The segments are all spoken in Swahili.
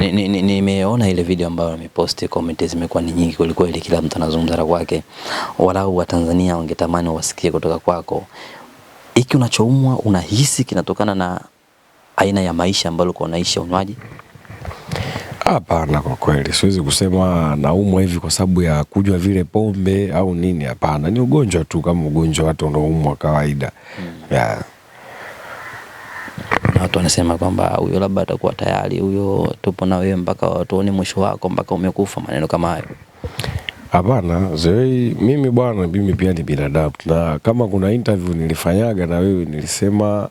Nimeona ile video ambayo ameposti, comment zimekuwa ni nyingi kwelikweli, kila mtu anazungumza na kwake. Walau Watanzania wangetamani wasikie kutoka kwako, hiki unachoumwa unahisi kinatokana na aina ya maisha ambayo uko unaishi, unywaji? Hapana, kwa kweli siwezi kusema naumwa hivi kwa sababu ya kujwa vile pombe au nini. Hapana, ni ugonjwa tu, kama ugonjwa watu wanaumwa kawaida. mm. yeah watu wanasema kwamba huyo labda atakuwa tayari, huyo tupo na wewe mpaka tuone mwisho wako, mpaka umekufa, maneno kama hayo. Hapana Zewei, mimi bwana, mimi pia ni binadamu, na kama kuna interview nilifanyaga na wewe nilisema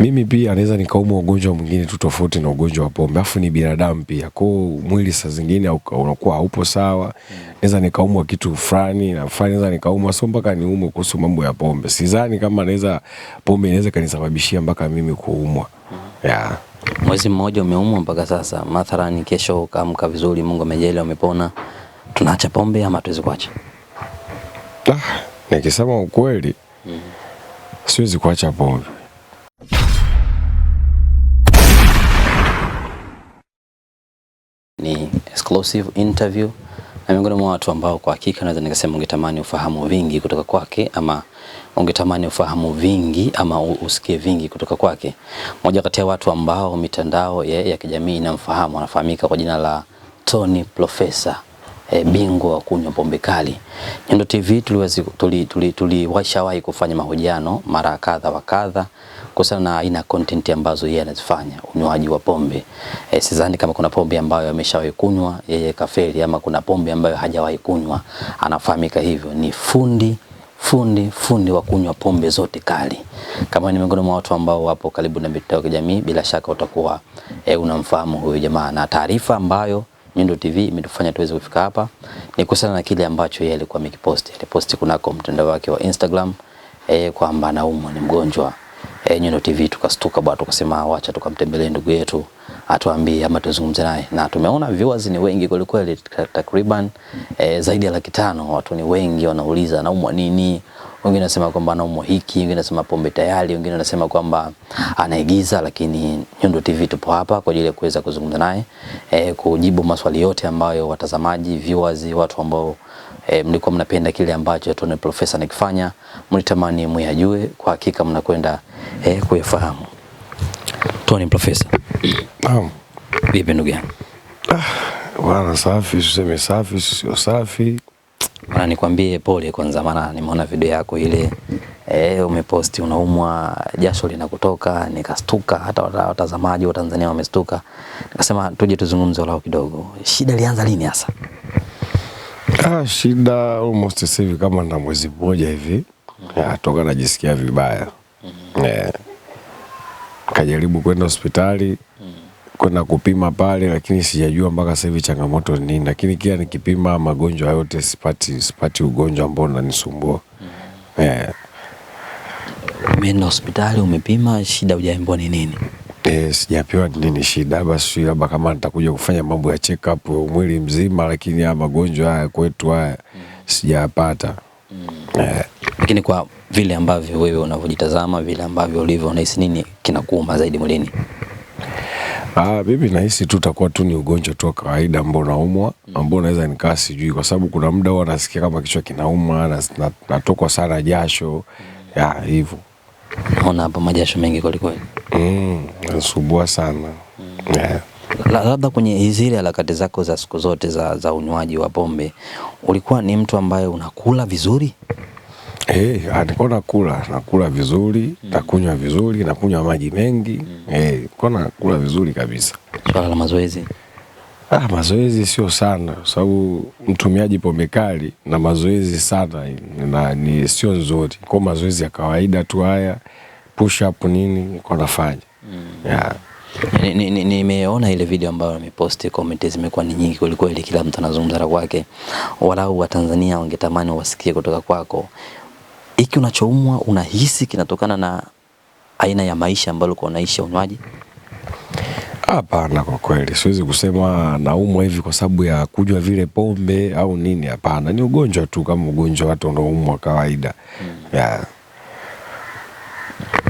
mimi pia anaweza nikaumwa ugonjwa mwingine tu tofauti na ugonjwa wa pombe, afu ni binadamu pia kwao, mwili saa zingine unakuwa haupo sawa. Naweza nikaumwa kitu fulani na fulani, naweza nikaumwa sio mpaka niumwe kuhusu mambo ya pombe. Sidhani kama naweza pombe inaweza kanisababishia mpaka mimi kuumwa yeah. Mwezi mmoja umeumwa mpaka sasa, mathalani kesho ukaamka vizuri, Mungu amejele, umepona, tunaacha pombe ama tuwezi kuacha? Ah, nikisema ukweli mm. -hmm. siwezi kuacha pombe exclusive interview na miongoni mwa watu ambao kwa hakika naweza nikasema ungetamani ufahamu vingi kutoka kwake ama ungetamani ufahamu vingi ama usikie vingi kutoka kwake. Moja kati ya watu ambao mitandao ya, ya kijamii inamfahamu anafahamika kwa jina la Tony Professor e, bingwa wa kunywa pombe kali. Nyundo TV tuliwashawahi tuli, tuli, tuli kufanya mahojiano mara kadha wa kadha kuhusiana na aina ya content ambazo yeye anazifanya, unywaji wa pombe. E, sidhani kama kuna pombe ambayo ameshawahi kunywa yeye kafeli ama kuna pombe ambayo hajawahi kunywa. Anafahamika hivyo, ni fundi fundi fundi wa kunywa pombe zote kali. Kama ni miongoni mwa watu ambao wapo karibu na mitandao ya kijamii, bila shaka utakuwa e, unamfahamu huyo jamaa, na taarifa ambayo Nyundo TV imetufanya tuweze kufika hapa ni kuhusiana na kile ambacho yeye alikuwa amekiposti. Aliposti kunako mtandao wake wa Instagram e, kwamba anaumwa, ni mgonjwa e, eh, Nyuno TV tukastuka bwana, tukasema ah, wacha tukamtembelee ndugu yetu atuambie ama tuzungumze naye, na tumeona viewers ni wengi kweli kweli, takriban e, zaidi ya laki tano. Watu ni wengi wanauliza anaumwa nini, wengine wanasema kwamba anaumwa hiki, wengine wanasema pombe tayari, wengine wanasema kwamba anaigiza. Lakini Nyundo TV tupo hapa kwa ajili ya kuweza kuzungumza naye e, kujibu maswali yote ambayo watazamaji, viewers, watu ambao E, mlikuwa mnapenda kile ambacho Tone Profesa nikifanya mlitamani muyajue. Kwa hakika mnakwenda eh, kuyafahamu. Tony Profesa, naam, vipi ndugu yangu? Ah, bwana safi, tuseme safi, sio safi Bwana, nikwambie pole kwanza, maana nimeona video yako ile eh, umeposti unaumwa, jasho linakutoka, nikastuka. Hata watazamaji wa Tanzania wamestuka, nikasema tuje tuzungumze walau kidogo. Shida ilianza lini hasa? Ah, shida almost sasa hivi kama na mwezi mmoja hivi, mm. ah, Toka najisikia vibaya Yeah. Kajaribu kwenda hospitali kwenda kupima pale, lakini sijajua mpaka sasa hivi changamoto ni nini, lakini kila nikipima magonjwa yote sipati, sipati ugonjwa ambao unanisumbua mm. yeah. Umeenda hospitali umepima, shida hujaambiwa ni nini? Eh, sijapewa ni nini shida. Basi labda kama nitakuja kufanya mambo ya check up mwili mzima, lakini haya magonjwa haya kwetu haya mm. sijayapata mm. eh. Lakini kwa vile ambavyo wewe unavyojitazama, vile ambavyo ulivyo, unahisi nini kinakuuma zaidi mwilini? Ah, mimi nahisi tu utakuwa tu ni ugonjwa tu wa kawaida ambao unaumwa, ambao unaweza nikaa sijui, kwa sababu kuna muda huwa nasikia kama kichwa kinauma, na, natokwa sana jasho ya hivyo. Naona hapa majasho mengi kweli kweli. Mm, nasubua sana. Mm. Yeah. La, Labda kwenye zile harakati zako za siku zote za, za unywaji wa pombe ulikuwa ni mtu ambaye unakula vizuri? Eh, nilikuwa nakula, nakula vizuri, mm. nakunywa vizuri, nakunywa maji mengi. mm. Eh, nilikuwa nakula vizuri kabisa. Swala la mazoezi. Ah, mazoezi sio sana kwa sababu mtumiaji pombe kali na mazoezi sana na ni sio nzuri. Kwa mazoezi ya kawaida tu haya push up nini nilikuwa nafanya. Mm. Yeah. Nimeona ni, ni ile video ambayo ameposti, comment zimekuwa ni nyingi kwelikweli, kila mtu anazungumza kwake. Walau Watanzania wangetamani wasikie kutoka kwako hiki unachoumwa unahisi kinatokana na aina ya maisha ambayo kwa unaishi unywaji? Hapana, kwa kweli siwezi kusema naumwa hivi kwa sababu ya kunywa vile pombe au nini. Hapana, ni ugonjwa tu, kama ugonjwa watu wanaoumwa kawaida mm. yeah.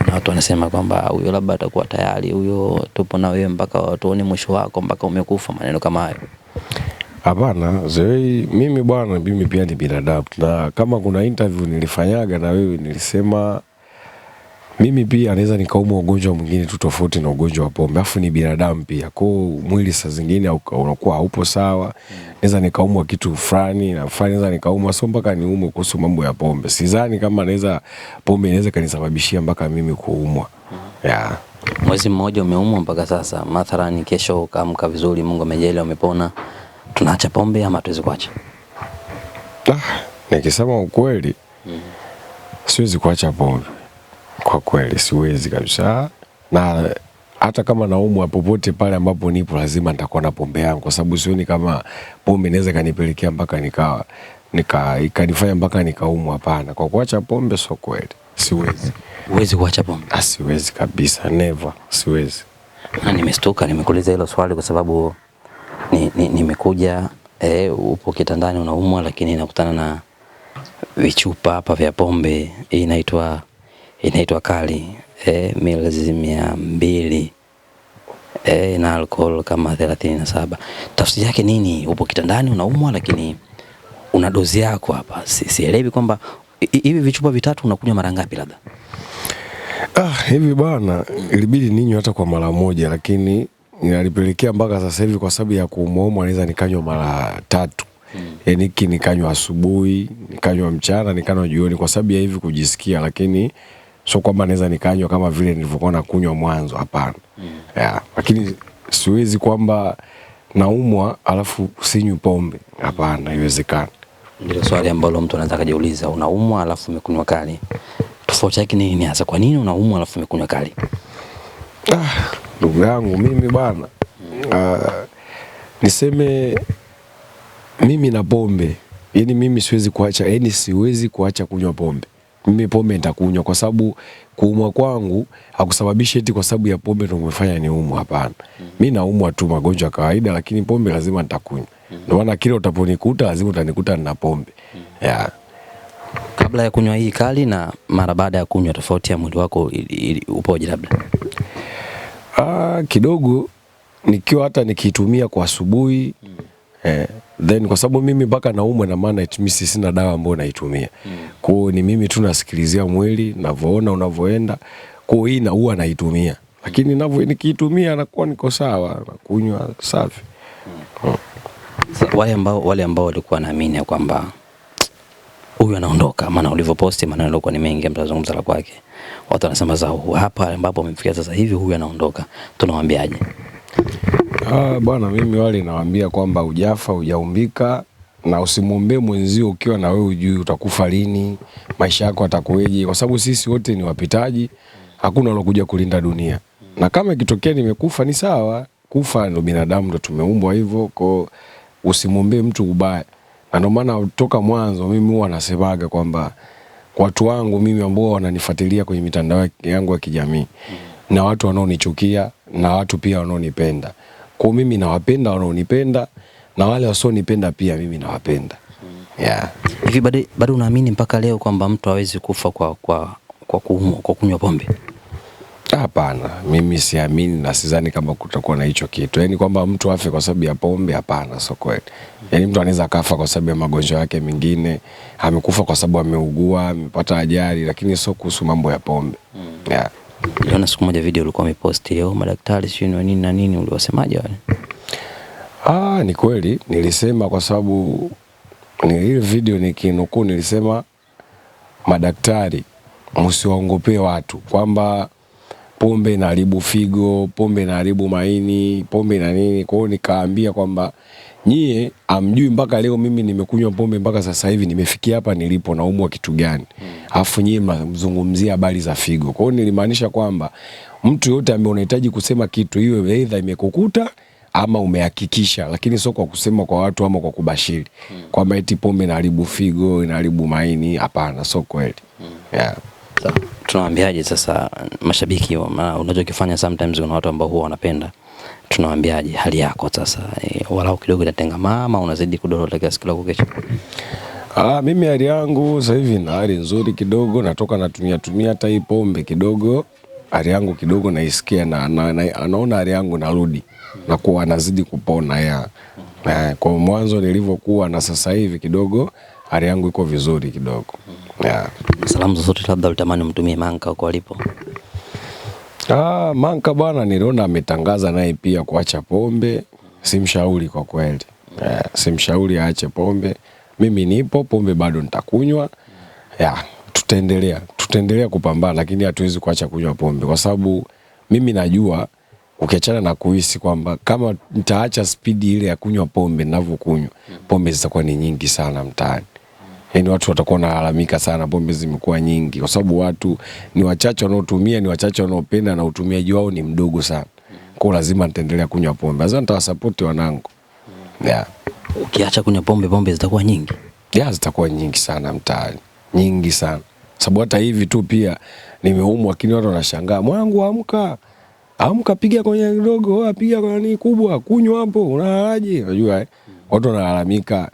Na watu wanasema kwamba huyo labda atakuwa tayari, huyo tupo na wewe mpaka tuone mwisho wako, mpaka umekufa, maneno kama hayo. Hapana, Zewei, mimi bwana, mimi pia ni binadamu, na kama kuna interview nilifanyaga na wewe nilisema mimi pia anaweza nikaumwa ugonjwa mwingine tu tofauti na ugonjwa wa pombe, afu ni binadamu pia kwa mwili saa zingine unakuwa haupo sawa. Naweza nikaumwa kitu fulani na fulani, naweza nikaumwa sio mpaka niumwe kuhusu mambo ya pombe. Sidhani kama naweza pombe inaweza kanisababishia mpaka mimi kuumwa yeah. Mwezi mmoja umeumwa mpaka sasa, mathalani kesho ukaamka vizuri, Mungu amejalia, umepona tunaacha pombe ama tuwezi kuacha? Ah, nikisema ukweli mm. siwezi kuacha pombe kwa kweli, siwezi kabisa, na hata kama naumwa popote pale ambapo nipo lazima nitakuwa na pombe yangu, kwa sababu sioni kama pombe inaweza kanipelekea mpaka nikawa nika ikanifanya mpaka nikaumwa. Hapana, kwa kuacha pombe sio kweli, siwezi. Huwezi kuacha pombe? Ah, siwezi kabisa, never, siwezi. Na nimestuka nimekuuliza hilo swali kwa sababu nimekuja ni, ni eh, upo kitandani unaumwa, lakini nakutana na vichupa hapa vya pombe hii inaitwa inaitwa kali eh, mililita mia mbili eh, na alcohol kama thelathini na saba. Tafsiri yake nini? Upo kitandani unaumwa, lakini una dozi yako hapa. Sielewi kwamba hivi vichupa vitatu unakunywa mara ngapi labda Ah, hivi bwana, ilibidi ninywe hata kwa mara moja, lakini ninalipelekea mpaka sasa hivi kwa sababu ya kuumwaumwa, naweza nikanywa mara tatu hmm. Yani hiki nikanywa asubuhi, nikanywa mchana, nikanywa jioni kwa sababu ya hivi kujisikia, lakini sio kwamba naweza nikanywa kama vile nilivyokuwa nakunywa mwanzo, hapana hmm. yeah. Lakini siwezi kwamba naumwa alafu sinywi pombe, hapana, haiwezekani. Ndio swali ambalo mtu anaweza kujiuliza, unaumwa alafu umekunywa kali, tofauti yake ni nini hasa? Kwa nini unaumwa alafu umekunywa kali? ah ndugu yangu mimi bwana uh, ah, niseme mimi na pombe yani, mimi siwezi kuacha, yani siwezi kuacha kunywa pombe. Mimi pombe nitakunywa, kwa sababu kuumwa kwangu hakusababishi eti kwa sababu ya pombe ndio umefanya ni umwa. Hapana, mm -hmm. mimi naumwa tu magonjwa kawaida, lakini pombe lazima nitakunywa. mm -hmm. Ndio maana kile utaponikuta lazima utanikuta na pombe. mm -hmm. yeah. Kabla ya kunywa hii kali na mara baada ya kunywa, tofauti ya mwili wako upoje? labda Ah, kidogo nikiwa hata nikiitumia kwa asubuhi mm. eh, then kwa sababu mimi mpaka naumwa na maana it means sina dawa ambayo naitumia mm. kwao ni mimi tu nasikilizia mwili navyoona unavyoenda, kwao hii na huwa naitumia lakini navyo nikiitumia nakuwa niko sawa, nakunywa safi mm. mm. wale ambao wale ambao walikuwa naamini kwamba huyu anaondoka, maana ulivyoposti maneno yalikuwa ni mengi, mtazungumza la kwake, watu wanasema za hapa ambapo amefikia sasa hivi huyu anaondoka, tunawaambiaje? Ah, bwana mimi wale nawaambia kwamba ujafa ujaumbika na usimwombee mwenzio ukiwa na wewe ujui utakufa lini, maisha yako atakueje, kwa sababu sisi wote ni wapitaji, hakuna alokuja kulinda dunia. Na kama ikitokea nimekufa ni sawa, kufa ndo binadamu, ndo tumeumbwa hivyo, kwa usimwombee mtu ubaya. Na ndio maana toka mwanzo mimi huwa nasemaga kwamba watu wangu mimi ambao wananifuatilia kwenye mitandao yangu ya kijamii na watu wanaonichukia na watu pia wanaonipenda. Kwa mimi nawapenda wanaonipenda na wale wasionipenda pia mimi nawapenda. Yeah. Hivi bado unaamini mpaka leo kwamba mtu hawezi kufa kwa, kwa, kwa, kwa kunywa pombe? Hapana, mimi siamini na sidhani kama kutakuwa na hicho kitu, yaani kwamba mtu afe kwa sababu ya pombe. Hapana, sio kweli. Yaani mtu anaweza akafa kwa sababu ya magonjwa yake mengine, amekufa kwa sababu ameugua, amepata ajali, lakini sio kuhusu mambo ya pombe hmm. yeah. Niliona siku moja video ulikuwa umepost leo oh, madaktari sio ni nini na nini, uliwasemaje wale? Ah, ni kweli nilisema, kwa sababu ni ile video nikinukuu, nilisema madaktari msiwaongopee watu kwamba pombe inaharibu figo, pombe inaharibu maini, pombe na nini. Kwa hiyo nikaambia kwamba nyie amjui mpaka leo mimi nimekunywa pombe mpaka sasa hivi nimefikia hapa nilipo, na naumwa kitu gani? Alafu nyie mzungumzia habari za figo. Kwa hiyo nilimaanisha kwamba mtu yote ambaye unahitaji kusema kitu, iwe aidha imekukuta ama umehakikisha, lakini sio kwa kusema kwa watu ama kwa kubashiri kwamba eti pombe inaharibu figo, inaharibu maini. Hapana, sio kweli mm. yeah. Tunawaambiaje sasa mashabiki? Maana unachokifanya sometimes, kuna watu ambao huwa wanapenda, tunawaambiaje hali yako sasa e, walau kidogo inatenga mama unazidi kudorota kiasi kila kukicha? Ah, mimi hali yangu sasa hivi na hali nzuri kidogo, natoka natumia tumia hata hii pombe kidogo, hali yangu kidogo naisikia na, na, na, anaona hali yangu narudi na kuwa anazidi kupona ya eh, kwa mwanzo nilivyokuwa na sasa hivi kidogo hali yangu iko vizuri kidogo yeah. Salamu zozote labda ulitamani mtumie Manka huko alipo? Ah, Manka bwana, niliona ametangaza naye pia kuacha pombe. Simshauri kwa kweli yeah, simshauri aache pombe. Mimi nipo, pombe bado nitakunywa yeah, tutaendelea tutaendelea kupambana, lakini hatuwezi kuacha kunywa pombe kwa sababu mimi najua ukiachana na kuhisi kwamba kama nitaacha spidi ile ya kunywa pombe ninavyokunywa pombe zitakuwa ni nyingi sana mtaani yani watu watakuwa wanalalamika sana. Pombe zimekuwa nyingi kwa sababu watu ni wachache wanaotumia, ni wachache wanaopenda, na utumiaji wao ni mdogo sana, kwa lazima nitaendelea kunywa pombe. Lazima nitawasapoti wanangu yeah. Ukiacha kunywa pombe, pombe zitakuwa nyingi yeah, zitakuwa nyingi sana mtaani, nyingi sana sababu hata hivi tu pia nimeumwa, lakini watu wanashangaa, mwanangu, amka amka, piga kwenye kidogo, oh, piga kwenye kubwa, kunywa hapo, unalalaje? Unajua eh? watu wanalalamika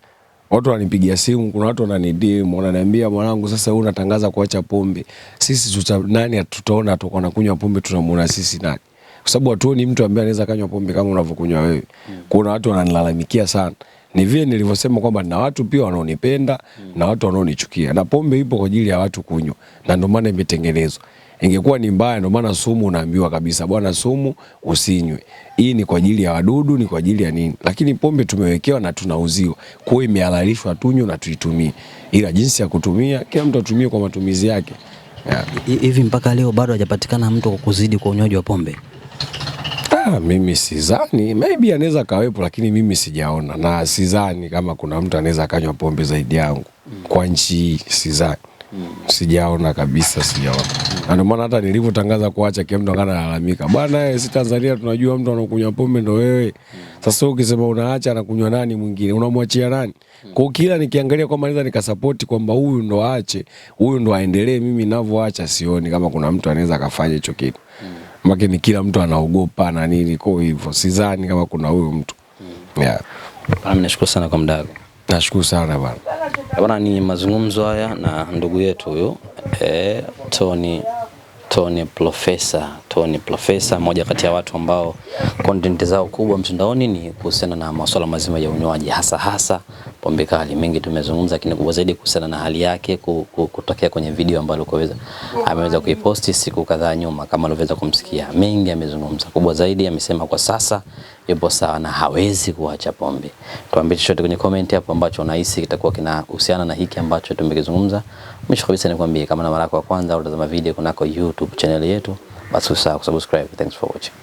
watu wananipigia simu, kuna watu wananidim, wananiambia mwanangu, sasa wewe unatangaza kuacha pombe, sisi tuta, nani tutaona atakuwa anakunywa pombe, tunamuona sisi nani? Kwa sababu hatuoni mtu ambaye anaweza kanywa pombe kama unavyokunywa wewe. Hmm. Kuna watu wananilalamikia sana ni vile nilivyosema kwamba na watu pia wanaonipenda mm. na watu wanaonichukia, na pombe ipo kwa ajili ya watu kunywa, na ndio maana imetengenezwa. Ingekuwa ni mbaya, ndio maana sumu unaambiwa kabisa, bwana, sumu usinywe, hii ni kwa ajili ya wadudu, ni kwa ajili ya nini. Lakini pombe tumewekewa na tunauziwa, kwa hiyo imehalalishwa tunywe na tuitumie, ila jinsi ya kutumia, kila mtu atumie kwa matumizi yake hivi yeah. Mpaka leo bado hajapatikana mtu kwa kuzidi kwa unywaji wa pombe Ah, mimi sizani, maybe anaweza kawepo, lakini mimi sijaona na sizani kama kuna mtu anaweza akanywa pombe zaidi yangu mm. kwa nchi hii sidhani mm. sijaona kabisa, sijaona mm. ndio maana hata nilivyotangaza kuacha kila mtu akana lalamika, bwana eh, si Tanzania tunajua mtu anakunywa pombe ndo wewe mm. Sasa ukisema unaacha, anakunywa nani mwingine? Unamwachia nani? mm. kwa kila nikiangalia kwamba naweza nikasapoti kwamba huyu ndo aache, huyu ndo aendelee, mimi ninavyoacha, sioni kama kuna mtu anaweza akafanya hicho kitu mm make ni kila mtu anaogopa na nini, kwa hivyo sidhani kama kuna huyo mtu mm. yeah. nashukuru sana kwa muda wako. Nashukuru sana bana. Bana, ni mazungumzo haya na ndugu yetu huyu eh, Tony Tony Profesa anaitwa ni profesa, mmoja kati ya watu ambao content zao kubwa mtandaoni ni kuhusiana na masuala mazima ya unywaji, hasa hasa pombe kali. Mengi tumezungumza, lakini kubwa zaidi kuhusiana na hali yake kutokea kwenye video ambayo koweza ameweza kuiposti siku kadhaa nyuma, kama alivyoweza kumsikia. Mengi amezungumza, kubwa zaidi amesema kwa sasa yupo sawa na hawezi kuacha pombe. Tuambie chochote kwenye comment hapo ambacho unahisi kitakuwa kinahusiana na hiki ambacho tumekizungumza. Mwisho kabisa nikwambie, kama na mara yako ya kwanza utazama video kunako YouTube channel yetu but subscribe. Thanks for watching.